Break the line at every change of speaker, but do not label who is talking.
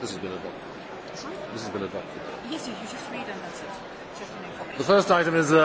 This has been adopted. Sorry? This has been adopted.
Yes, yes, you just read and that's it. Just
an information. The first item is... Uh...